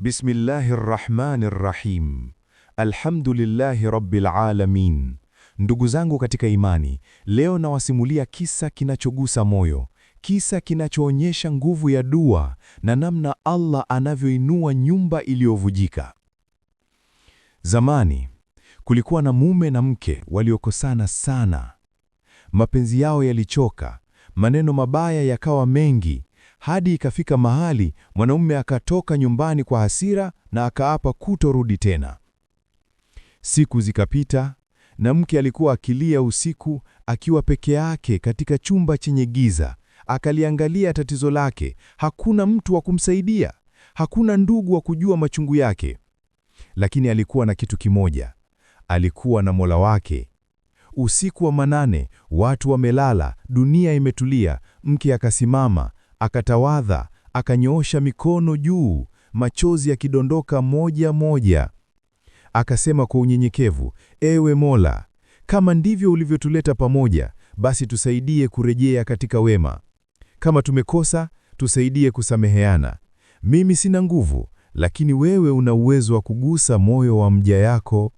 Bismillahi rahmani rrahim, alhamdulillahi rabbil alamin. Ndugu zangu katika imani, leo nawasimulia kisa kinachogusa moyo, kisa kinachoonyesha nguvu ya dua na namna Allah anavyoinua nyumba iliyovujika. Zamani kulikuwa na mume na mke waliokosana sana. Mapenzi yao yalichoka, maneno mabaya yakawa mengi, hadi ikafika mahali mwanaume akatoka nyumbani kwa hasira na akaapa kutorudi tena. Siku zikapita na mke alikuwa akilia usiku akiwa peke yake katika chumba chenye giza. Akaliangalia tatizo lake, hakuna mtu wa kumsaidia, hakuna ndugu wa kujua machungu yake. Lakini alikuwa na kitu kimoja, alikuwa na Mola wake. Usiku wa manane, watu wamelala, dunia imetulia, mke akasimama Akatawadha, akanyoosha mikono juu, machozi yakidondoka moja moja. Akasema kwa unyenyekevu, Ewe Mola, kama ndivyo ulivyotuleta pamoja, basi tusaidie kurejea katika wema. Kama tumekosa, tusaidie kusameheana. Mimi sina nguvu, lakini wewe una uwezo wa kugusa moyo wa mja yako.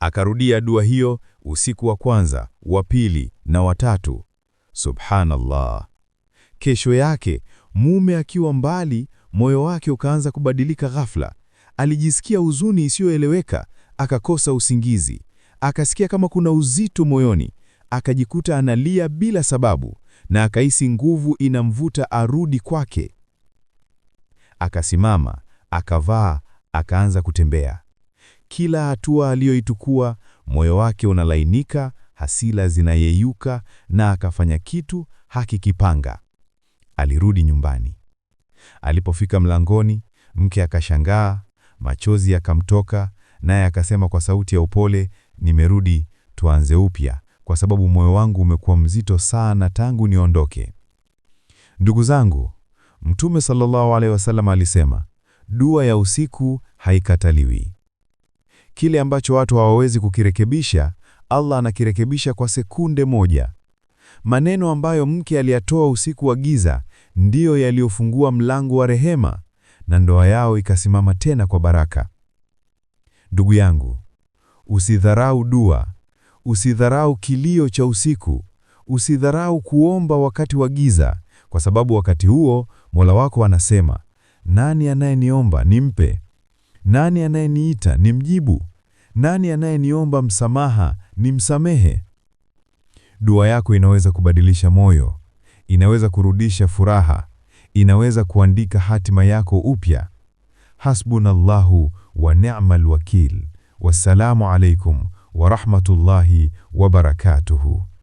Akarudia dua hiyo usiku wa kwanza, wa pili na wa tatu. Subhanallah. Kesho yake mume akiwa mbali, moyo wake ukaanza kubadilika ghafla. Alijisikia huzuni isiyoeleweka, akakosa usingizi, akasikia kama kuna uzito moyoni, akajikuta analia bila sababu, na akahisi nguvu inamvuta arudi kwake. Akasimama, akavaa, akaanza kutembea. Kila hatua aliyoitukua, moyo wake unalainika, hasila zinayeyuka, na akafanya kitu hakikipanga. Alirudi nyumbani. Alipofika mlangoni, mke akashangaa, machozi yakamtoka, naye akasema kwa sauti ya upole, nimerudi, tuanze upya, kwa sababu moyo wangu umekuwa mzito sana tangu niondoke. Ndugu zangu, Mtume sallallahu alaihi wasallam alisema, dua ya usiku haikataliwi. Kile ambacho watu hawawezi kukirekebisha, Allah anakirekebisha kwa sekunde moja. Maneno ambayo mke aliyatoa usiku wa giza ndiyo yaliyofungua mlango wa rehema na ndoa yao ikasimama tena kwa baraka. Ndugu yangu, usidharau dua, usidharau kilio cha usiku, usidharau kuomba wakati wa giza, kwa sababu wakati huo Mola wako anasema, nani anayeniomba nimpe? Nani anayeniita nimjibu? Nani anayeniomba msamaha nimsamehe? Dua yako inaweza kubadilisha moyo, inaweza kurudisha furaha, inaweza kuandika hatima yako upya. Hasbunallahu wa ni'mal wakil. Wassalamu alaikum wa rahmatullahi wa barakatuhu.